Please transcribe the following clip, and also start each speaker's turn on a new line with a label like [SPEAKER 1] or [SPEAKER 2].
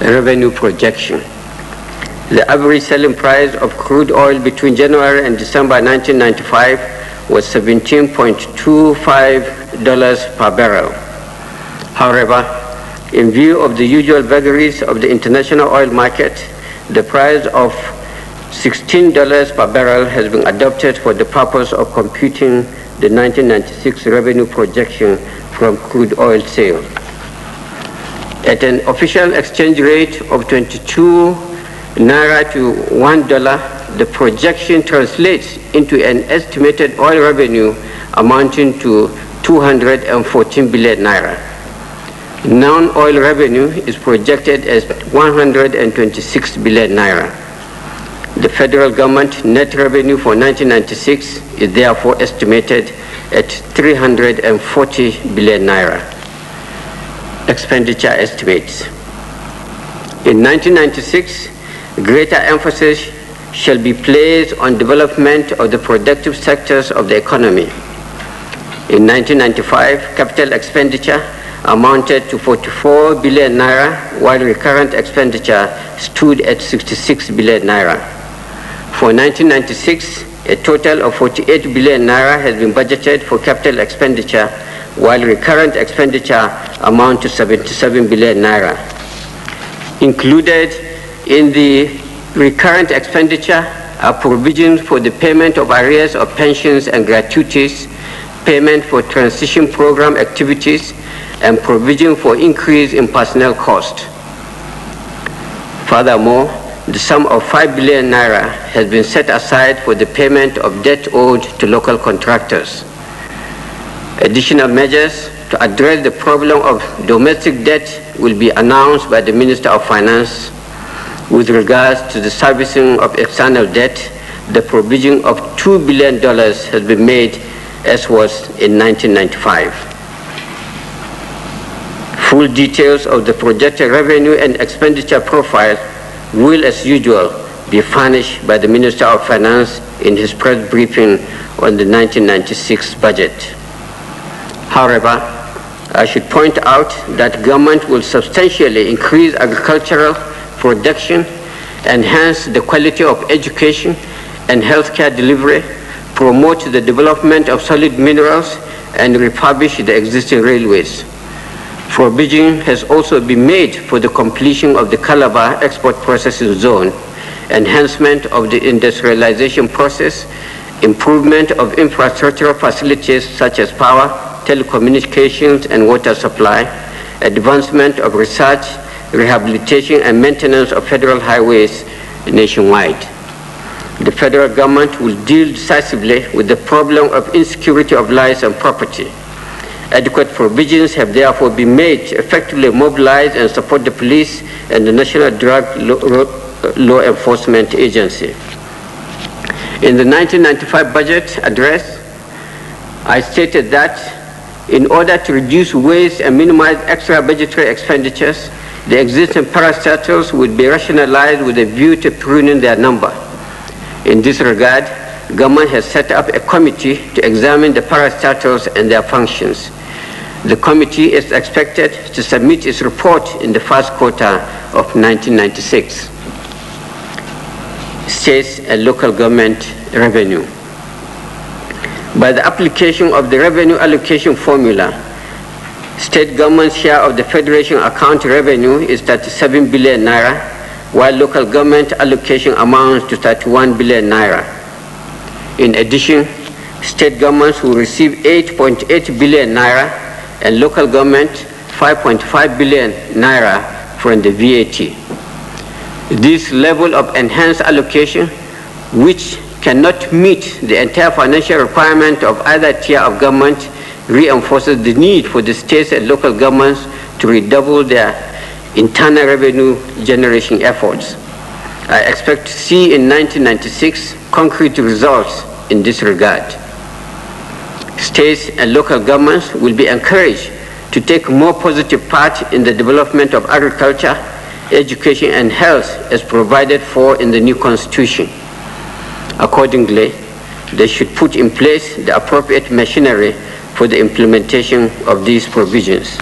[SPEAKER 1] revenue projection. The average selling price of crude oil between January and December 1995 was $17.25 per barrel. However, in view of the usual vagaries of the international oil market, the price of $16 per barrel has been adopted for the purpose of computing the 1996 revenue projection from crude oil sales at an official exchange rate of 22 naira to one dollar, the projection translates into an estimated oil revenue amounting to 214 billion naira. Non-oil revenue is projected as 126 billion naira. The federal government net revenue for 1996 is therefore estimated at 340 billion naira expenditure estimates. In 1996, greater emphasis shall be placed on development of the productive sectors of the economy. In 1995, capital expenditure amounted to 44 billion naira, while recurrent expenditure stood at 66 billion naira. For 1996, a total of 48 billion naira has been budgeted for capital expenditure while recurrent expenditure amount to 77 billion naira. Included in the recurrent expenditure are provisions for the payment of arrears of pensions and gratuities, payment for transition program activities, and provision for increase in personnel cost. Furthermore, the sum of 5 billion naira has been set aside for the payment of debt owed to local contractors. Additional measures to address the problem of domestic debt will be announced by the Minister of Finance with regards to the servicing of external debt, the provision of $2 billion has been made as was in 1995. Full details of the projected revenue and expenditure profile will, as usual, be furnished by the Minister of Finance in his press briefing on the 1996 budget. However, I should point out that government will substantially increase agricultural production, enhance the quality of education and healthcare delivery, promote the development of solid minerals, and refurbish the existing railways. Provision has also been made for the completion of the Calabar Export Processing Zone, enhancement of the industrialization process, improvement of infrastructural facilities such as power, telecommunications and water supply, advancement of research, rehabilitation and maintenance of federal highways nationwide. The federal government will deal decisively with the problem of insecurity of lives and property. Adequate provisions have therefore been made to effectively mobilize and support the police and the National Drug Law Enforcement Agency. In the 1995 budget address, I stated that in order to reduce waste and minimize extra budgetary expenditures, the existing parastatals would be rationalized with a view to pruning their number. In this regard, government has set up a committee to examine the parastatals and their functions. The committee is expected to submit its report in the first quarter of 1996. States and local government revenue by the application of the revenue allocation formula. State government's share of the federation account revenue is 37 billion naira, while local government allocation amounts to 31 billion naira. In addition, state governments will receive 8.8 billion naira and local government 5.5 billion naira from the VAT. This level of enhanced allocation, which cannot meet the entire financial requirement of either tier of government reinforces the need for the states and local governments to redouble their internal revenue generation efforts. I expect to see in 1996 concrete results in this regard. States and local governments will be encouraged to take more positive part in the development of agriculture, education and health as provided for in the new constitution. Accordingly, they should put in place the appropriate machinery for the implementation of these provisions.